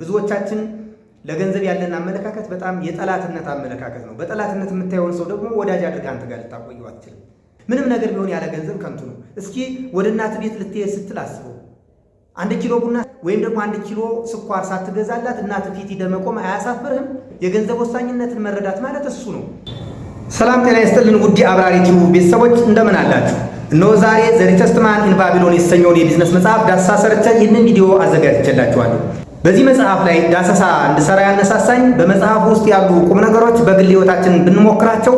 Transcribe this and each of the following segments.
ብዙዎቻችን ለገንዘብ ያለን አመለካከት በጣም የጠላትነት አመለካከት ነው። በጠላትነት የምታየውን ሰው ደግሞ ወዳጅ አድርገህ አንተ ጋር ልታቆየው አትችልም። ምንም ነገር ቢሆን ያለ ገንዘብ ከንቱ ነው። እስኪ ወደ እናት ቤት ልትሄድ ስትል አስበው። አንድ ኪሎ ቡና ወይም ደግሞ አንድ ኪሎ ስኳር ሳትገዛላት እናት ፊት ደመቆም አያሳፍርህም? የገንዘብ ወሳኝነትን መረዳት ማለት እሱ ነው። ሰላም ጤና ይስጥልን ውድ አብራሪ ቲዩ ቤተሰቦች እንደምን አላችሁ? እነሆ ዛሬ ዘ ሪቸስት ማን ኢን ባቢሎን የተሰኘውን የቢዝነስ መጽሐፍ ዳሰሳ ሰርቼ ይህንን ቪዲዮ አዘጋጅቼላችኋለሁ። በዚህ መጽሐፍ ላይ ዳሰሳ እንድሰራ ያነሳሳኝ በመጽሐፍ ውስጥ ያሉ ቁም ነገሮች በግል ህይወታችን ብንሞክራቸው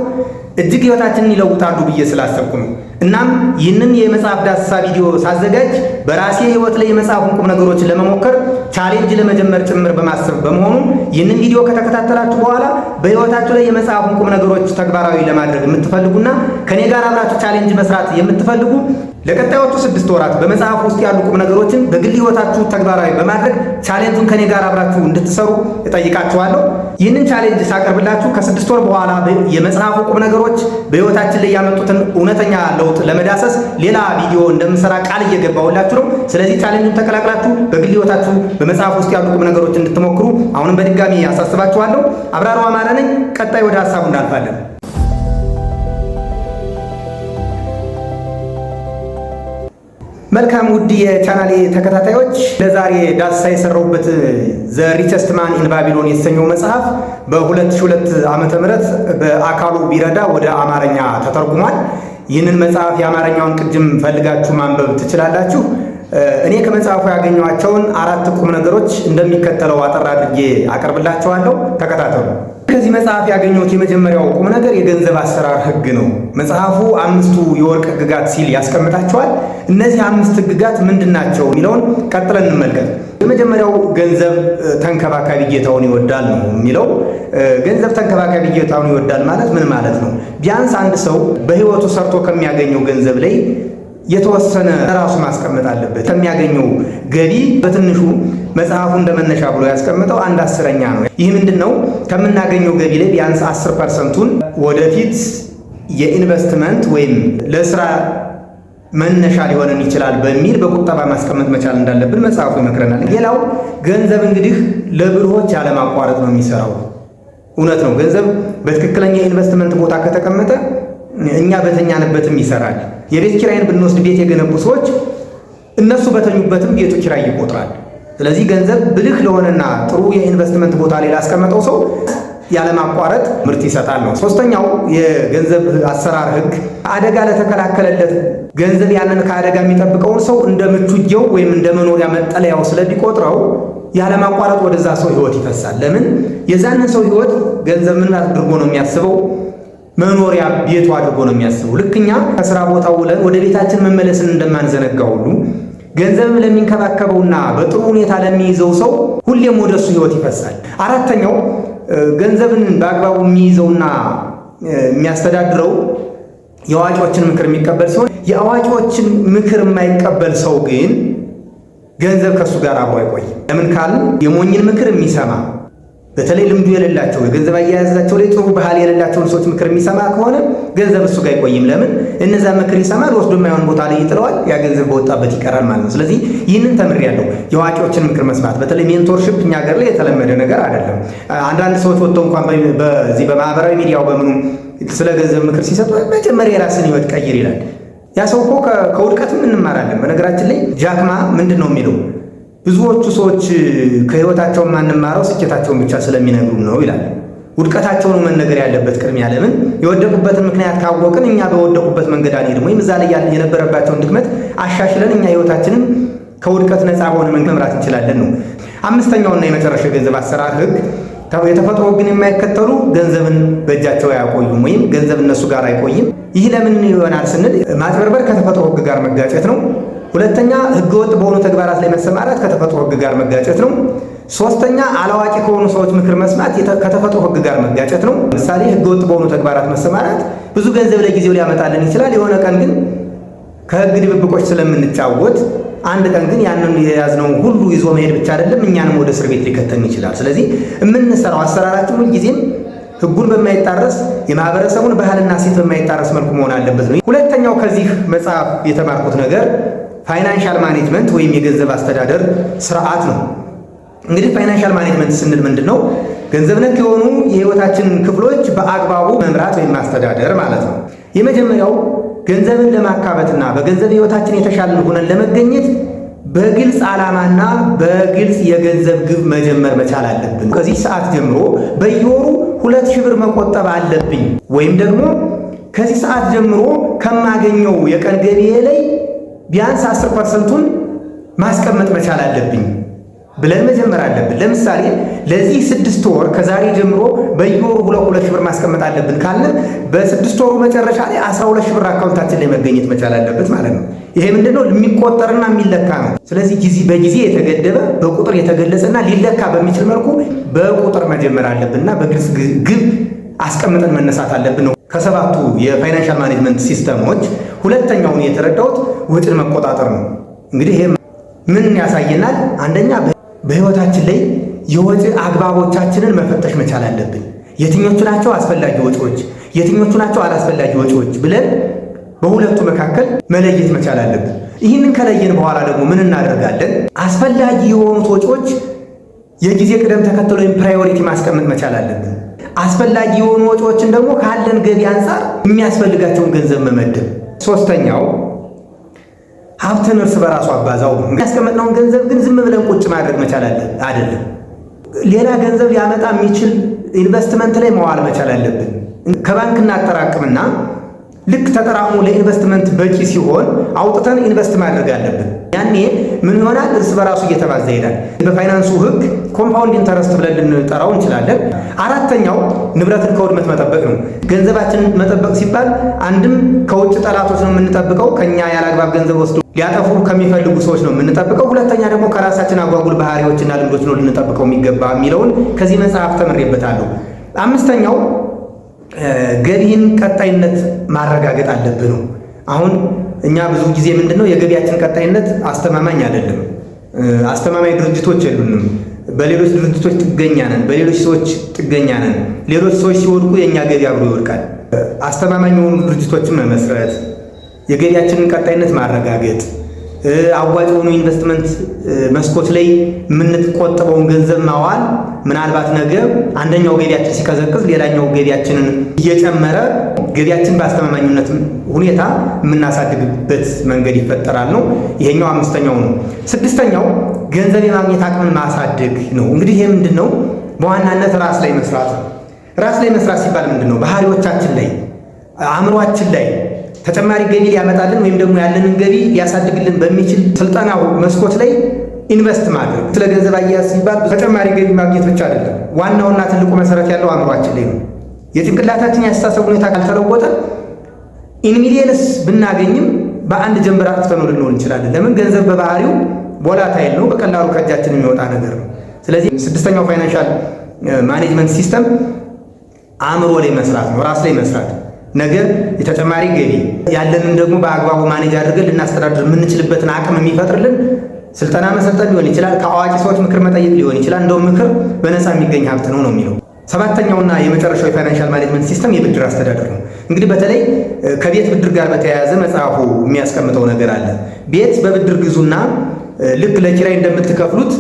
እጅግ ህይወታችንን ይለውጣሉ ብዬ ስላሰብኩ ነው። እናም ይህንን የመጽሐፍ ዳሰሳ ቪዲዮ ሳዘጋጅ በራሴ ህይወት ላይ የመጽሐፉን ቁም ነገሮችን ለመሞከር ቻሌንጅ ለመጀመር ጭምር በማሰብ በመሆኑ ይህንን ቪዲዮ ከተከታተላችሁ በኋላ በህይወታችሁ ላይ የመጽሐፉን ቁም ነገሮች ተግባራዊ ለማድረግ የምትፈልጉና ከኔ ጋር አብራችሁ ቻሌንጅ መስራት የምትፈልጉ ለቀጣዮቹ ስድስት ወራት በመጽሐፍ ውስጥ ያሉ ቁም ነገሮችን በግል ህይወታችሁ ተግባራዊ በማድረግ ቻሌንጁን ከኔ ጋር አብራችሁ እንድትሰሩ እጠይቃችኋለሁ። ይህንን ቻሌንጅ ሳቀርብላችሁ ከስድስት ወር በኋላ የመጽሐፉ ቁም ነገሮች ቪዲዮዎች በህይወታችን ላይ ያመጡትን እውነተኛ ለውጥ ለመዳሰስ ሌላ ቪዲዮ እንደምሰራ ቃል እየገባሁላችሁ ነው። ስለዚህ ቻሌንጁን ተቀላቅላችሁ በግል ህይወታችሁ በመጽሐፍ ውስጥ ያሉ ቁም ነገሮች እንድትሞክሩ አሁንም በድጋሚ አሳስባችኋለሁ። አብራሩ አማረ ነኝ። ቀጣይ ወደ ሀሳቡ እናልፋለን። መልካም ውድ የቻናሌ ተከታታዮች ለዛሬ ዳሰሳ የሰራሁበት ዘ ሪቸስት ማን ኢን ባቢሎን የተሰኘው መጽሐፍ በ2002 ዓ ምህረት በአካሉ ቢረዳ ወደ አማርኛ ተተርጉሟል። ይህንን መጽሐፍ የአማርኛውን ቅጅም ፈልጋችሁ ማንበብ ትችላላችሁ። እኔ ከመጽሐፉ ያገኘኋቸውን አራት ቁም ነገሮች እንደሚከተለው አጠር አድርጌ አቀርብላቸዋለሁ። ተከታተሉ። ከዚህ መጽሐፍ ያገኘሁት የመጀመሪያው ቁም ነገር የገንዘብ አሰራር ህግ ነው። መጽሐፉ አምስቱ የወርቅ ህግጋት ሲል ያስቀምጣቸዋል። እነዚህ አምስት ህግጋት ምንድን ናቸው የሚለውን ቀጥለን እንመልከት። የመጀመሪያው ገንዘብ ተንከባካቢ ጌታውን ይወዳል ነው የሚለው። ገንዘብ ተንከባካቢ ጌታውን ይወዳል ማለት ምን ማለት ነው? ቢያንስ አንድ ሰው በህይወቱ ሰርቶ ከሚያገኘው ገንዘብ ላይ የተወሰነ ራሱ ማስቀመጥ አለበት። ከሚያገኘው ገቢ በትንሹ መጽሐፉ እንደመነሻ ብሎ ያስቀምጠው አንድ አስረኛ ነው። ይህ ምንድን ነው? ከምናገኘው ገቢ ላይ ቢያንስ አስር ፐርሰንቱን ወደፊት የኢንቨስትመንት ወይም ለስራ መነሻ ሊሆንን ይችላል በሚል በቁጠባ ማስቀመጥ መቻል እንዳለብን መጽሐፉ ይመክረናል። ሌላው ገንዘብ እንግዲህ ለብልሆች ያለማቋረጥ ነው የሚሰራው። እውነት ነው። ገንዘብ በትክክለኛ የኢንቨስትመንት ቦታ ከተቀመጠ እኛ በተኛንበትም ይሰራል። የቤት ኪራይን ብንወስድ ቤት የገነቡ ሰዎች እነሱ በተኙበትም ቤቱ ኪራይ ይቆጥራል። ስለዚህ ገንዘብ ብልህ ለሆነና ጥሩ የኢንቨስትመንት ቦታ ላይ ላስቀመጠው ሰው ያለማቋረጥ ምርት ይሰጣል ነው። ሶስተኛው የገንዘብ አሰራር ህግ አደጋ ለተከላከለለት ገንዘብ ያንን ከአደጋ የሚጠብቀውን ሰው እንደ ምቹጌው ወይም እንደ መኖሪያ መጠለያው ስለሚቆጥረው ያለማቋረጥ ወደዛ ሰው ህይወት ይፈሳል። ለምን የዛንን ሰው ህይወት ገንዘብ ምን አድርጎ ነው የሚያስበው? መኖሪያ ቤቱ አድርጎ ነው የሚያስበው። ልክ እኛ ከስራ ቦታ ውለን ወደ ቤታችን መመለስን እንደማንዘነጋ ሁሉ ገንዘብም ለሚንከባከበውና በጥሩ ሁኔታ ለሚይዘው ሰው ሁሌም ወደ እሱ ህይወት ይፈሳል። አራተኛው ገንዘብን በአግባቡ የሚይዘውና የሚያስተዳድረው የአዋቂዎችን ምክር የሚቀበል ሲሆን የአዋቂዎችን ምክር የማይቀበል ሰው ግን ገንዘብ ከእሱ ጋር አብሮ አይቆይም። ለምን ካልን የሞኝን ምክር የሚሰማ በተለይ ልምዱ የሌላቸው የገንዘብ አያያዛቸው ላይ ጥሩ ባህል የሌላቸውን ሰዎች ምክር የሚሰማ ከሆነ ገንዘብ እሱ ጋር አይቆይም። ለምን እነዛ ምክር ይሰማል፣ ወስዶ የማይሆን ቦታ ላይ ይጥለዋል። ያ ገንዘብ በወጣበት ይቀራል ማለት ነው። ስለዚህ ይህንን ተምሬያለሁ፣ የዋቂዎችን ምክር መስማት። በተለይ ሜንቶርሽፕ እኛ ሀገር ላይ የተለመደ ነገር አይደለም። አንዳንድ ሰዎች ወጥተው እንኳን በዚህ በማህበራዊ ሚዲያው በምኑ ስለ ገንዘብ ምክር ሲሰጡ መጀመሪያ የራስን ህይወት ቀይር ይላል። ያ ሰው እኮ ከውድቀትም እንማራለን። በነገራችን ላይ ጃክማ ምንድን ነው የሚለው ብዙዎቹ ሰዎች ከህይወታቸው የማንማረው ስኬታቸውን ብቻ ስለሚነግሩ ነው ይላል። ውድቀታቸው ነው መነገር ያለበት ቅድሚያ። ለምን የወደቁበትን ምክንያት ካወቅን እኛ በወደቁበት መንገድ አንሄድም፣ ወይም እዛ ላይ የነበረባቸውን ድክመት አሻሽለን እኛ ህይወታችንን ከውድቀት ነፃ በሆነ መንገድ መምራት እንችላለን ነው። አምስተኛውና የመጨረሻ የገንዘብ አሰራር ህግ የተፈጥሮ ህግን የማይከተሉ ገንዘብን በእጃቸው አያቆዩም፣ ወይም ገንዘብ እነሱ ጋር አይቆይም። ይህ ለምን ይሆናል ስንል ማጭበርበር ከተፈጥሮ ህግ ጋር መጋጨት ነው። ሁለተኛ ህገወጥ በሆኑ ተግባራት ላይ መሰማራት ከተፈጥሮ ህግ ጋር መጋጨት ነው። ሶስተኛ አላዋቂ ከሆኑ ሰዎች ምክር መስማት ከተፈጥሮ ህግ ጋር መጋጨት ነው። ምሳሌ ህገወጥ በሆኑ ተግባራት መሰማራት ብዙ ገንዘብ ለጊዜው ሊያመጣልን ይችላል። የሆነ ቀን ግን ከህግ ድብብቆች ስለምንጫወት አንድ ቀን ግን ያንን ነው ሁሉ ይዞ መሄድ ብቻ አይደለም፣ እኛንም ወደ እስር ቤት ሊከተን ይችላል። ስለዚህ የምንሰራው አሰራራችን ሁልጊዜም ህጉን በማይጣረስ የማህበረሰቡን ባህልና ሴት በማይጣረስ መልኩ መሆን አለበት ነው። ሁለተኛው ከዚህ መጽሐፍ የተማርኩት ነገር ፋይናንሻል ማኔጅመንት ወይም የገንዘብ አስተዳደር ስርዓት ነው። እንግዲህ ፋይናንሻል ማኔጅመንት ስንል ምንድን ነው? ገንዘብ ነክ የሆኑ የህይወታችን ክፍሎች በአግባቡ መምራት ወይም ማስተዳደር ማለት ነው። የመጀመሪያው ገንዘብን ለማካበትና በገንዘብ ህይወታችን የተሻለን ሆነን ለመገኘት በግልጽ ዓላማና በግልጽ የገንዘብ ግብ መጀመር መቻል አለብን። ከዚህ ሰዓት ጀምሮ በየወሩ ሁለት ሺህ ብር መቆጠብ አለብኝ ወይም ደግሞ ከዚህ ሰዓት ጀምሮ ከማገኘው የቀን ገቢዬ ላይ ቢያንስ አስር ፐርሰንቱን ማስቀመጥ መቻል አለብኝ ብለን መጀመር አለብን። ለምሳሌ ለዚህ ስድስት ወር ከዛሬ ጀምሮ በየወሩ ሁለት ሁለት ሺህ ብር ማስቀመጥ አለብን ካለ በስድስት ወሩ መጨረሻ ላይ አስራ ሁለት ሺህ ብር አካውንታችን ላይ መገኘት መቻል አለበት ማለት ነው። ይሄ ምንድነው የሚቆጠርና የሚለካ ነው። ስለዚህ ጊዜ በጊዜ የተገደበ በቁጥር የተገለጸና ሊለካ በሚችል መልኩ በቁጥር መጀመር አለብንና በግልጽ ግብ አስቀምጠን መነሳት አለብን ነው። ከሰባቱ የፋይናንሻል ማኔጅመንት ሲስተሞች ሁለተኛውን የተረዳሁት ውጥን መቆጣጠር ነው። እንግዲህ ይሄ ምን ያሳየናል? አንደኛ በህይወታችን ላይ የወጪ አግባቦቻችንን መፈተሽ መቻል አለብን። የትኞቹ ናቸው አስፈላጊ ወጪዎች፣ የትኞቹ ናቸው አላስፈላጊ ወጪዎች ብለን በሁለቱ መካከል መለየት መቻል አለብን። ይህንን ከለየን በኋላ ደግሞ ምን እናደርጋለን? አስፈላጊ የሆኑት ወጪዎች የጊዜ ቅደም ተከተል ወይም ፕራዮሪቲ ማስቀመጥ መቻል አለብን። አስፈላጊ የሆኑ ወጪዎችን ደግሞ ካለን ገቢ አንጻር የሚያስፈልጋቸውን ገንዘብ መመደብ። ሶስተኛው ሀብትን እርስ በራሱ አባዛው። ያስቀመጥነውን ገንዘብ ግን ዝም ብለን ቁጭ ማድረግ መቻል አይደለም። ሌላ ገንዘብ ሊያመጣ የሚችል ኢንቨስትመንት ላይ መዋል መቻል አለብን። ከባንክ እናጠራቅምና ልክ ተጠራቅሞ ለኢንቨስትመንት በቂ ሲሆን አውጥተን ኢንቨስት ማድረግ አለብን። ያኔ ምን ይሆናል? እርስ በራሱ እየተባዛ ይሄዳል። በፋይናንሱ ህግ ኮምፓውንድ ኢንተረስት ብለን ልንጠራው እንችላለን። አራተኛው ንብረትን ከውድመት መጠበቅ ነው። ገንዘባችን መጠበቅ ሲባል አንድም ከውጭ ጠላቶች ነው የምንጠብቀው፣ ከኛ ያለአግባብ ገንዘብ ወስዶ ሊያጠፉ ከሚፈልጉ ሰዎች ነው የምንጠብቀው። ሁለተኛ ደግሞ ከራሳችን አጓጉል ባህሪዎችና ልምዶች ነው ልንጠብቀው የሚገባ የሚለውን ከዚህ መጽሐፍ ተምሬበታለሁ። አምስተኛው ገቢህን ቀጣይነት ማረጋገጥ አለብህ ነው። አሁን እኛ ብዙ ጊዜ ምንድነው የገቢያችን ቀጣይነት አስተማማኝ አይደለም። አስተማማኝ ድርጅቶች የሉንም። በሌሎች ድርጅቶች ጥገኛ ነን፣ በሌሎች ሰዎች ጥገኛ ነን። ሌሎች ሰዎች ሲወድቁ የእኛ ገቢ አብሮ ይወድቃል። አስተማማኝ የሆኑ ድርጅቶችን መመስረት፣ የገቢያችንን ቀጣይነት ማረጋገጥ አዋጭ የሆኑ ኢንቨስትመንት መስኮት ላይ የምንቆጥበውን ገንዘብ ማዋል ምናልባት ነገ አንደኛው ገቢያችን ሲቀዘቅዝ ሌላኛው ገቢያችንን እየጨመረ ገቢያችን በአስተማማኝነት ሁኔታ የምናሳድግበት መንገድ ይፈጠራል ነው። ይሄኛው አምስተኛው ነው። ስድስተኛው ገንዘብ የማግኘት አቅምን ማሳደግ ነው። እንግዲህ ይህ ምንድን ነው? በዋናነት ራስ ላይ መስራት። ራስ ላይ መስራት ሲባል ምንድን ነው? ባህሪዎቻችን ላይ አእምሯችን ላይ ተጨማሪ ገቢ ሊያመጣልን ወይም ደግሞ ያለንን ገቢ ሊያሳድግልን በሚችል ስልጠናው መስኮት ላይ ኢንቨስት ማድረግ። ስለ ገንዘብ አያያዝ ሲባል ተጨማሪ ገቢ ማግኘት ብቻ አይደለም። ዋናውና ትልቁ መሰረት ያለው አእምሯችን ላይ ነው። የጭንቅላታችን የአስተሳሰብ ሁኔታ ካልተለወጠ ኢንሚሊየንስ ብናገኝም በአንድ ጀንበር አጥፍተን ልንሆን እንችላለን። ለምን? ገንዘብ በባህሪው ቦላታይል ነው፣ በቀላሉ ከእጃችን የሚወጣ ነገር ነው። ስለዚህ ስድስተኛው ፋይናንሻል ማኔጅመንት ሲስተም አእምሮ ላይ መስራት ነው፣ ራስ ላይ መስራት ነገ የተጨማሪ ገቢ ያለንን ደግሞ በአግባቡ ማኔጅ አድርገን ልናስተዳድር የምንችልበትን አቅም የሚፈጥርልን ስልጠና መሰልጠን ሊሆን ይችላል። ከአዋቂ ሰዎች ምክር መጠየቅ ሊሆን ይችላል። እንደው ምክር በነፃ የሚገኝ ሀብት ነው ነው የሚለው። ሰባተኛውና የመጨረሻው የፋይናንሻል ማኔጅመንት ሲስተም የብድር አስተዳደር ነው። እንግዲህ በተለይ ከቤት ብድር ጋር በተያያዘ መጽሐፉ የሚያስቀምጠው ነገር አለ። ቤት በብድር ግዙና ልክ ለኪራይ እንደምትከፍሉት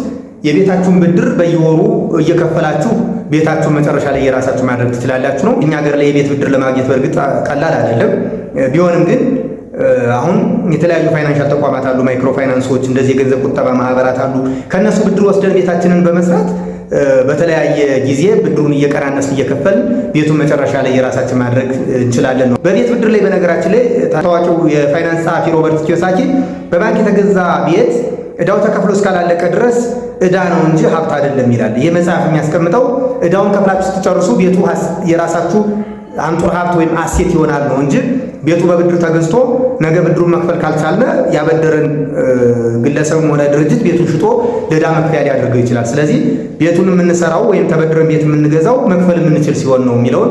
የቤታችሁን ብድር በየወሩ እየከፈላችሁ ቤታችሁን መጨረሻ ላይ የራሳችሁ ማድረግ ትችላላችሁ ነው። እኛ ሀገር ላይ የቤት ብድር ለማግኘት በእርግጥ ቀላል አይደለም። ቢሆንም ግን አሁን የተለያዩ ፋይናንሻል ተቋማት አሉ፣ ማይክሮ ፋይናንሶች፣ እንደዚህ የገንዘብ ቁጠባ ማህበራት አሉ። ከእነሱ ብድር ወስደን ቤታችንን በመስራት በተለያየ ጊዜ ብድሩን እየቀናነስ እየከፈል ቤቱን መጨረሻ ላይ የራሳችን ማድረግ እንችላለን ነው። በቤት ብድር ላይ በነገራችን ላይ ታዋቂው የፋይናንስ ጸሐፊ ሮበርት ኪዮሳኪ በባንክ የተገዛ ቤት እዳው ተከፍሎ እስካላለቀ ድረስ እዳ ነው እንጂ ሀብት አይደለም ይላል። ይህ መጽሐፍ የሚያስቀምጠው እዳውን ከፍላችሁ ስትጨርሱ ቤቱ የራሳችሁ አንጡር ሀብት ወይም አሴት ይሆናል ነው እንጂ ቤቱ በብድር ተገዝቶ ነገ ብድሩን መክፈል ካልቻለ ያበደረን ግለሰብም ሆነ ድርጅት ቤቱን ሽጦ ለዕዳ መክፈያ ሊያደርገው ይችላል። ስለዚህ ቤቱን የምንሰራው ወይም ተበድረን ቤት የምንገዛው መክፈል የምንችል ሲሆን ነው የሚለውን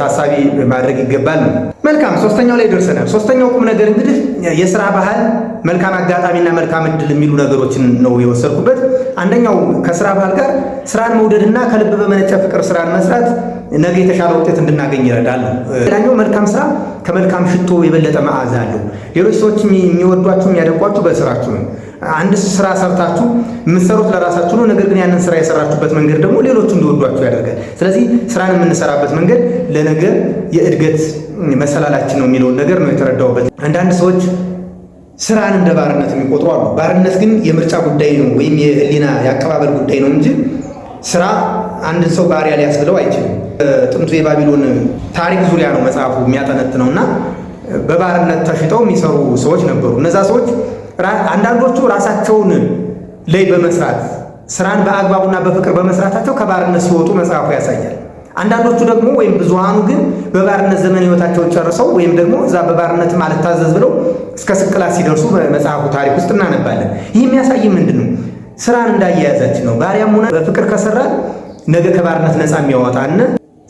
ታሳቢ ማድረግ ይገባል ነው። መልካም ሶስተኛው ላይ ደርሰናል። ሶስተኛው ቁም ነገር እንግዲህ የስራ ባህል፣ መልካም አጋጣሚና መልካም እድል የሚሉ ነገሮችን ነው የወሰድኩበት። አንደኛው ከስራ ባህል ጋር ስራን መውደድና ከልብ በመነጨ ፍቅር ስራን መስራት ነገ የተሻለ ውጤት እንድናገኝ ይረዳል ዳኛው መልካም ስራ ከመልካም ሽቶ የበለጠ መዓዛ አለው። ሌሎች ሰዎች የሚወዷችሁ የሚያደንቋችሁ በስራችሁ ነው። አንድ ስራ ሰርታችሁ የምትሰሩት ለራሳችሁ ነው። ነገር ግን ያንን ስራ የሰራችሁበት መንገድ ደግሞ ሌሎቹ እንዲወዷችሁ ያደርጋል። ስለዚህ ስራን የምንሰራበት መንገድ ለነገ የእድገት መሰላላችን ነው የሚለውን ነገር ነው የተረዳውበት። አንዳንድ ሰዎች ስራን እንደ ባርነት የሚቆጥሩ አሉ። ባርነት ግን የምርጫ ጉዳይ ነው ወይም የህሊና የአቀባበል ጉዳይ ነው እንጂ ስራ አንድን ሰው ባሪያ ሊያስብለው አይችልም። ጥንቱ የባቢሎን ታሪክ ዙሪያ ነው መጽሐፉ የሚያጠነጥነው እና በባርነት ተሽጠው የሚሰሩ ሰዎች ነበሩ። እነዛ ሰዎች አንዳንዶቹ ራሳቸውን ላይ በመስራት ስራን በአግባቡና በፍቅር በመስራታቸው ከባርነት ሲወጡ መጽሐፉ ያሳያል። አንዳንዶቹ ደግሞ ወይም ብዙሃኑ ግን በባርነት ዘመን ህይወታቸውን ጨርሰው ወይም ደግሞ እዛ በባርነት ማለት ታዘዝ ብለው እስከ ስቅላት ሲደርሱ በመጽሐፉ ታሪክ ውስጥ እናነባለን። ይህ የሚያሳይ ምንድን ነው? ስራን እንዳያያዛችን ነው። ባሪያም ሆነ በፍቅር ከሰራ ነገ ከባርነት ነፃ የሚያወጣን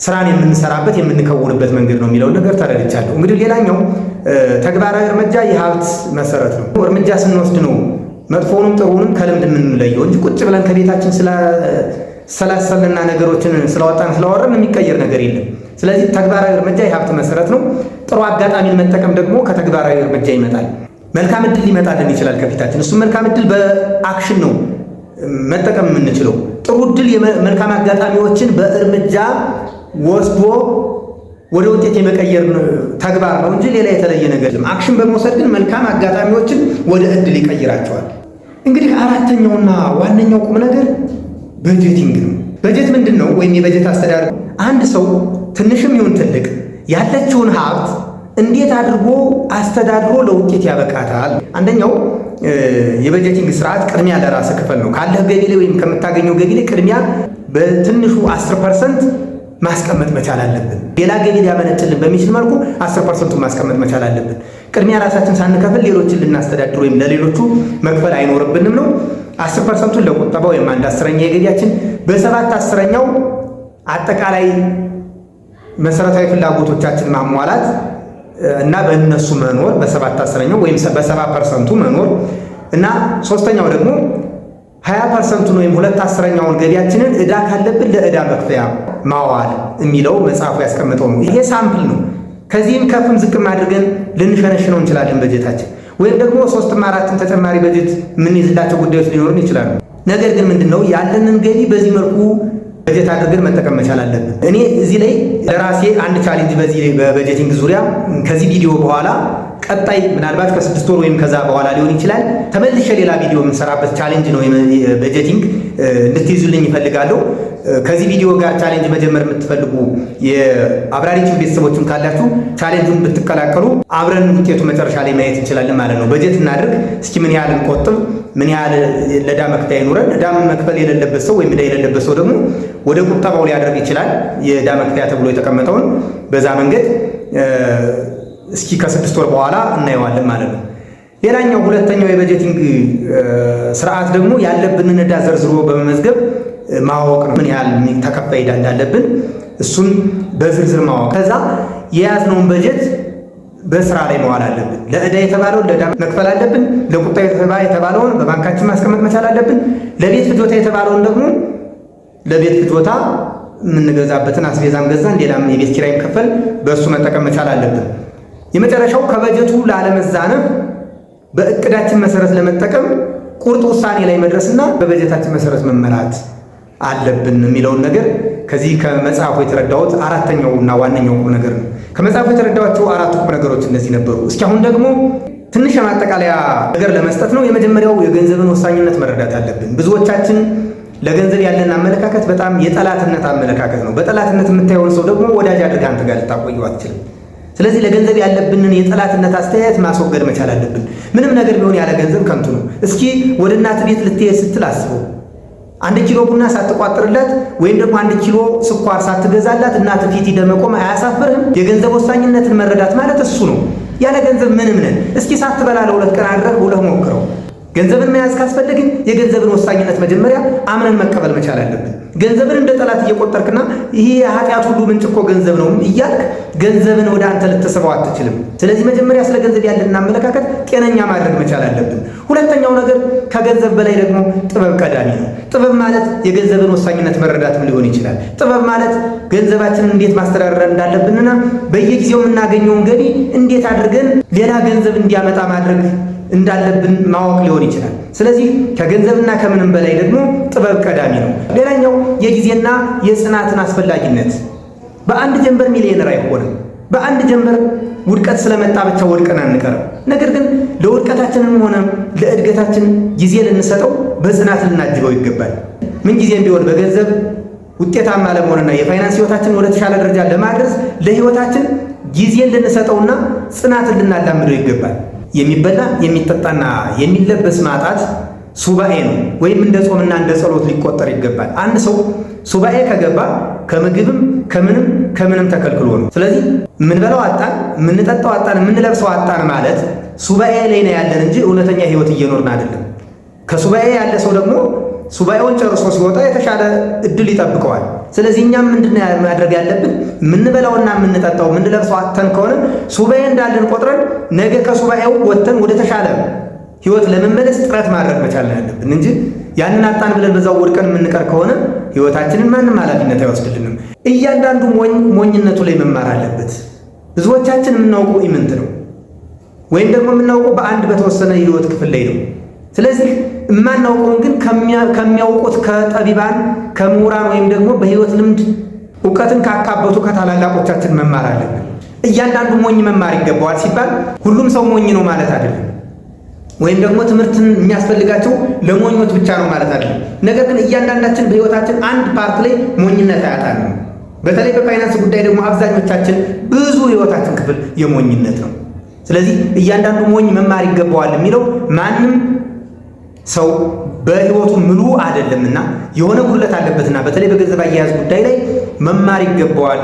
ስራን የምንሰራበት የምንከውንበት መንገድ ነው የሚለውን ነገር ተረድቻለሁ። እንግዲህ ሌላኛው ተግባራዊ እርምጃ የሀብት መሰረት ነው። እርምጃ ስንወስድ ነው መጥፎውንም ጥሩንም ከልምድ የምንለየው እንጂ ቁጭ ብለን ከቤታችን ስላሰልና ነገሮችን ስላወጣን ስላወረን የሚቀየር ነገር የለም። ስለዚህ ተግባራዊ እርምጃ የሀብት መሰረት ነው። ጥሩ አጋጣሚን መጠቀም ደግሞ ከተግባራዊ እርምጃ ይመጣል። መልካም እድል ሊመጣልን ይችላል ከፊታችን። እሱም መልካም እድል በአክሽን ነው መጠቀም የምንችለው ጥሩ እድል መልካም አጋጣሚዎችን በእርምጃ ወስዶ ወደ ውጤት የመቀየር ተግባር ነው እንጂ ሌላ የተለየ ነገር የለም። አክሽን በመውሰድ ግን መልካም አጋጣሚዎችን ወደ እድል ይቀይራቸዋል። እንግዲህ አራተኛውና ዋነኛው ቁም ነገር በጀቲንግ ነው። በጀት ምንድን ነው? ወይም የበጀት አስተዳደር አንድ ሰው ትንሽም ይሁን ትልቅ ያለችውን ሀብት እንዴት አድርጎ አስተዳድሮ ለውጤት ያበቃታል? አንደኛው የበጀቲንግ ስርዓት ቅድሚያ ለራስ ክፈል ነው። ካለህ ገቢ ላይ ወይም ከምታገኘው ገቢ ላይ ቅድሚያ በትንሹ 10 ፐርሰንት ማስቀመጥ መቻል አለብን። ሌላ ገቢ ሊያመነጭልን በሚችል መልኩ 10 ፐርሰንቱን ማስቀመጥ መቻል አለብን። ቅድሚያ ራሳችን ሳንከፍል ሌሎችን ልናስተዳድር ወይም ለሌሎቹ መክፈል አይኖርብንም ነው። 10 ፐርሰንቱን ለቁጠባ ወይም አንድ አስረኛ የገቢያችን በሰባት አስረኛው አጠቃላይ መሰረታዊ ፍላጎቶቻችን ማሟላት እና በእነሱ መኖር በሰባት አስረኛው ወይም በሰባ ፐርሰንቱ መኖር እና ሶስተኛው ደግሞ ሀያ ፐርሰንቱን ወይም ሁለት አስረኛውን ገቢያችንን እዳ ካለብን ለእዳ መክፈያ ማዋል የሚለው መጽሐፉ ያስቀምጠው ነው። ይሄ ሳምፕል ነው። ከዚህም ከፍም ዝቅም አድርገን ልንሸነሽነው እንችላለን በጀታችን። ወይም ደግሞ ሶስትም አራትም ተጨማሪ በጀት የምንይዝላቸው ጉዳዮች ሊኖሩን ይችላሉ። ነገር ግን ምንድን ነው ያለንን ገቢ በዚህ መልኩ በጀት አድርገን መጠቀም መቻል አለብን። እኔ እዚህ ላይ ለራሴ አንድ ቻሌንጅ በዚህ በበጀቲንግ ዙሪያ ከዚህ ቪዲዮ በኋላ ቀጣይ ምናልባት ከስድስት ወር ወይም ከዛ በኋላ ሊሆን ይችላል ተመልሼ ሌላ ቪዲዮ የምንሰራበት ቻሌንጅ ነው በጀቲንግ እንድትይዙልኝ ይፈልጋለሁ። ከዚህ ቪዲዮ ጋር ቻሌንጅ መጀመር የምትፈልጉ የአብራሪችን ቤተሰቦችን ካላችሁ ቻሌንጁን ብትቀላቀሉ አብረን ውጤቱ መጨረሻ ላይ ማየት እንችላለን ማለት ነው። በጀት እናድርግ እስኪ ምን ያህል እንቆጥብ ምን ያህል ለዕዳ መክፈያ ይኑረን። ዕዳ መክፈል የሌለበት ሰው ወይም ዕዳ የሌለበት ሰው ደግሞ ወደ ቁጠባው ሊያደርግ ይችላል። የዕዳ መክፈያ ተብሎ የተቀመጠውን በዛ መንገድ እስኪ ከስድስት ወር በኋላ እናየዋለን ማለት ነው። ሌላኛው ሁለተኛው የበጀቲንግ ስርዓት ደግሞ ያለብንን ዕዳ ዘርዝሮ በመመዝገብ ማወቅ ነው። ምን ያህል ተከፋይ ዕዳ እንዳለብን እሱን በዝርዝር ማወቅ ከዛ የያዝነውን በጀት በስራ ላይ መዋል አለብን። ለእዳ የተባለውን ለዳ መክፈል አለብን። ለቁጣ የተባለውን በባንካችን ማስቀመጥ መቻል አለብን። ለቤት ፍጆታ የተባለውን ደግሞ ለቤት ፍጆታ የምንገዛበትን አስቤዛም ገዛን፣ ሌላም የቤት ኪራይም ከፈል በእሱ መጠቀም መቻል አለብን። የመጨረሻው ከበጀቱ ላለመዛነፍ በእቅዳችን መሰረት ለመጠቀም ቁርጥ ውሳኔ ላይ መድረስና በበጀታችን መሰረት መመራት አለብን የሚለውን ነገር ከዚህ ከመጽሐፉ የተረዳሁት አራተኛውና ዋነኛው ቁም ነገር ነው። ከመጽሐፉ የተረዳኋቸው አራት ቁም ነገሮች እነዚህ ነበሩ። እስኪ አሁን ደግሞ ትንሽ የማጠቃለያ ነገር ለመስጠት ነው። የመጀመሪያው የገንዘብን ወሳኝነት መረዳት አለብን። ብዙዎቻችን ለገንዘብ ያለን አመለካከት በጣም የጠላትነት አመለካከት ነው። በጠላትነት የምታየውን ሰው ደግሞ ወዳጅ አድርጋ አንተ ጋር ልታቆየው አትችልም። ስለዚህ ለገንዘብ ያለብንን የጠላትነት አስተያየት ማስወገድ መቻል አለብን። ምንም ነገር ቢሆን ያለ ገንዘብ ከንቱ ነው። እስኪ ወደ እናት ቤት ልትሄድ ስትል አስበው አንድ ኪሎ ቡና ሳትቋጥርለት ወይም ደግሞ አንድ ኪሎ ስኳር ሳትገዛላት እናት ፊት ደመቆም አያሳፍርህም? የገንዘብ ወሳኝነትን መረዳት ማለት እሱ ነው። ያለ ገንዘብ ምንም ነን። እስኪ ሳትበላ ለሁለት ቀን አድረህ ውለህ ሞክረው። ገንዘብን መያዝ ካስፈለግን የገንዘብን ወሳኝነት መጀመሪያ አምነን መቀበል መቻል አለብን። ገንዘብን እንደ ጠላት እየቆጠርክና ይህ የኃጢአት ሁሉ ምንጭ እኮ ገንዘብ ነው እያልክ ገንዘብን ወደ አንተ ልትስበው አትችልም። ስለዚህ መጀመሪያ ስለ ገንዘብ ያለን አመለካከት ጤነኛ ማድረግ መቻል አለብን። ሁለተኛው ነገር ከገንዘብ በላይ ደግሞ ጥበብ ቀዳሚ ነው። ጥበብ ማለት የገንዘብን ወሳኝነት መረዳትም ሊሆን ይችላል። ጥበብ ማለት ገንዘባችንን እንዴት ማስተዳደር እንዳለብንና በየጊዜው የምናገኘውን ገቢ እንዴት አድርገን ሌላ ገንዘብ እንዲያመጣ ማድረግ እንዳለብን ማወቅ ሊሆን ይችላል። ስለዚህ ከገንዘብና ከምንም በላይ ደግሞ ጥበብ ቀዳሚ ነው። ሌላኛው የጊዜና የጽናትን አስፈላጊነት በአንድ ጀንበር ሚሊዮነር አይሆንም። በአንድ ጀንበር ውድቀት ስለመጣ ብቻ ወድቀን አንቀርም። ነገር ግን ለውድቀታችንም ሆነ ለእድገታችን ጊዜ ልንሰጠው በጽናት ልናጅበው ይገባል። ምን ጊዜ ቢሆን በገንዘብ ውጤታማ ለመሆንና የፋይናንስ ህይወታችን ወደ ተሻለ ደረጃ ለማድረስ ለህይወታችን ጊዜ ልንሰጠውና ጽናትን ልናላምደው ይገባል። የሚበላ የሚጠጣና የሚለበስ ማጣት ሱባኤ ነው ወይም እንደ ጾምና እንደ ጸሎት ሊቆጠር ይገባል። አንድ ሰው ሱባኤ ከገባ ከምግብም ከምንም ከምንም ተከልክሎ ነው። ስለዚህ የምንበላው አጣን፣ የምንጠጣው አጣን፣ የምንለብሰው አጣን ማለት ሱባኤ ላይ ነው ያለን እንጂ እውነተኛ ህይወት እየኖርን አይደለም። ከሱባኤ ያለ ሰው ደግሞ ሱባኤውን ጨርሶ ሲወጣ የተሻለ እድል ይጠብቀዋል። ስለዚህ እኛም ምንድን ማድረግ ያለብን የምንበላውና የምንጠጣው የምንለብሰው አጥተን ከሆነ ሱባኤ እንዳለን ቆጥረን ነገ ከሱባኤው ወጥተን ወደ ተሻለ ህይወት ለመመለስ ጥረት ማድረግ መቻል ያለብን እንጂ ያንን አጣን ብለን በዛው ወድቀን የምንቀር ከሆነ ህይወታችንን ማንም ኃላፊነት አይወስድልንም። እያንዳንዱ ሞኝነቱ ላይ መማር አለበት። ብዙዎቻችን የምናውቀው ኢምንት ነው ወይም ደግሞ የምናውቀው በአንድ በተወሰነ የህይወት ክፍል ላይ ነው። ስለዚህ የማናውቀውን ግን ከሚያውቁት ከጠቢባን ከምሁራን ወይም ደግሞ በህይወት ልምድ እውቀትን ካካበቱ ከታላላቆቻችን መማር አለብን። እያንዳንዱ ሞኝ መማር ይገባዋል ሲባል ሁሉም ሰው ሞኝ ነው ማለት አይደለም። ወይም ደግሞ ትምህርትን የሚያስፈልጋቸው ለሞኞች ብቻ ነው ማለት አይደለም። ነገር ግን እያንዳንዳችን በህይወታችን አንድ ፓርት ላይ ሞኝነት አያጣን ነው። በተለይ በፋይናንስ ጉዳይ ደግሞ አብዛኞቻችን ብዙ ህይወታችን ክፍል የሞኝነት ነው። ስለዚህ እያንዳንዱ ሞኝ መማር ይገባዋል የሚለው ማንም ሰው በህይወቱ ምሉ አይደለምና የሆነ ጉድለት አለበትና በተለይ በገንዘብ አያያዝ ጉዳይ ላይ መማር ይገባዋል።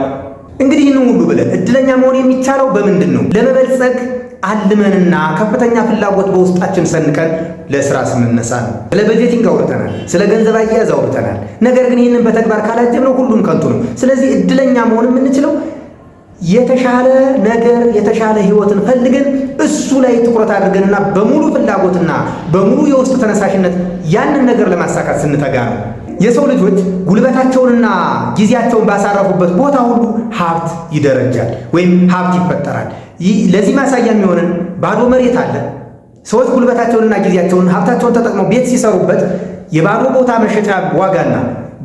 እንግዲህ ይህንን ሁሉ ብለን እድለኛ መሆን የሚቻለው በምንድን ነው? ለመበልጸግ አልመንና ከፍተኛ ፍላጎት በውስጣችን ሰንቀን ለስራ ስንነሳ ነው። ስለ በጀቲንግ አውርተናል፣ ስለ ገንዘብ አያያዝ አውርተናል። ነገር ግን ይህንን በተግባር ካላጀብነው ሁሉም ከንቱ ነው። ስለዚህ እድለኛ መሆን የምንችለው የተሻለ ነገር የተሻለ ህይወትን ፈልገን እሱ ላይ ትኩረት አድርገንና በሙሉ ፍላጎትና በሙሉ የውስጥ ተነሳሽነት ያንን ነገር ለማሳካት ስንተጋ ነው። የሰው ልጆች ጉልበታቸውንና ጊዜያቸውን ባሳረፉበት ቦታ ሁሉ ሀብት ይደረጃል ወይም ሀብት ይፈጠራል። ለዚህ ማሳያ የሚሆንን ባዶ መሬት አለ። ሰዎች ጉልበታቸውንና ጊዜያቸውን ሀብታቸውን ተጠቅመው ቤት ሲሰሩበት የባዶ ቦታ መሸጫ ዋጋና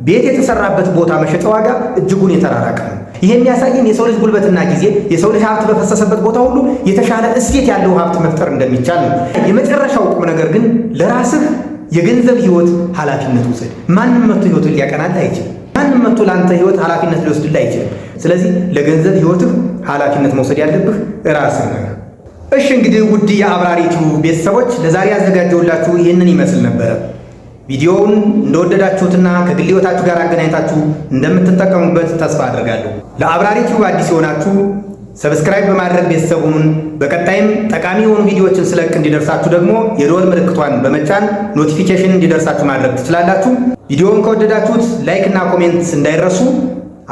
ቤት የተሰራበት ቦታ መሸጫ ዋጋ እጅጉን የተራራቀ ነው። ይህ የሚያሳየን የሰው ልጅ ጉልበትና ጊዜ የሰው ልጅ ሀብት በፈሰሰበት ቦታ ሁሉ የተሻለ እሴት ያለው ሀብት መፍጠር እንደሚቻል ነው። የመጨረሻው ቁም ነገር ግን ለራስህ የገንዘብ ህይወት ኃላፊነት ውሰድ። ማንም መቶ ህይወቱን ሊያቀናል አይችልም። ማንም መጥቶ ለአንተ ህይወት ኃላፊነት ሊወስድልህ አይችልም። ስለዚህ ለገንዘብ ህይወትህ ኃላፊነት መውሰድ ያለብህ ራስህ ነህ። እሺ እንግዲህ ውድ የአብራሪቱ ቤተሰቦች ለዛሬ ያዘጋጀውላችሁ ይህንን ይመስል ነበረ። ቪዲዮውን እንደወደዳችሁትና ከግል ህይወታችሁ ጋር አገናኝታችሁ እንደምትጠቀሙበት ተስፋ አድርጋለሁ። ለአብራሪ ቲዩብ አዲስ የሆናችሁ ሰብስክራይብ በማድረግ ቤተሰብ ሁኑን። በቀጣይም ጠቃሚ የሆኑ ቪዲዮዎችን ስለቅ እንዲደርሳችሁ ደግሞ የደወል ምልክቷን በመጫን ኖቲፊኬሽን እንዲደርሳችሁ ማድረግ ትችላላችሁ። ቪዲዮውን ከወደዳችሁት ላይክ እና ኮሜንት እንዳይረሱ።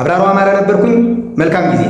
አብራሩ አማረ ነበርኩኝ። መልካም ጊዜ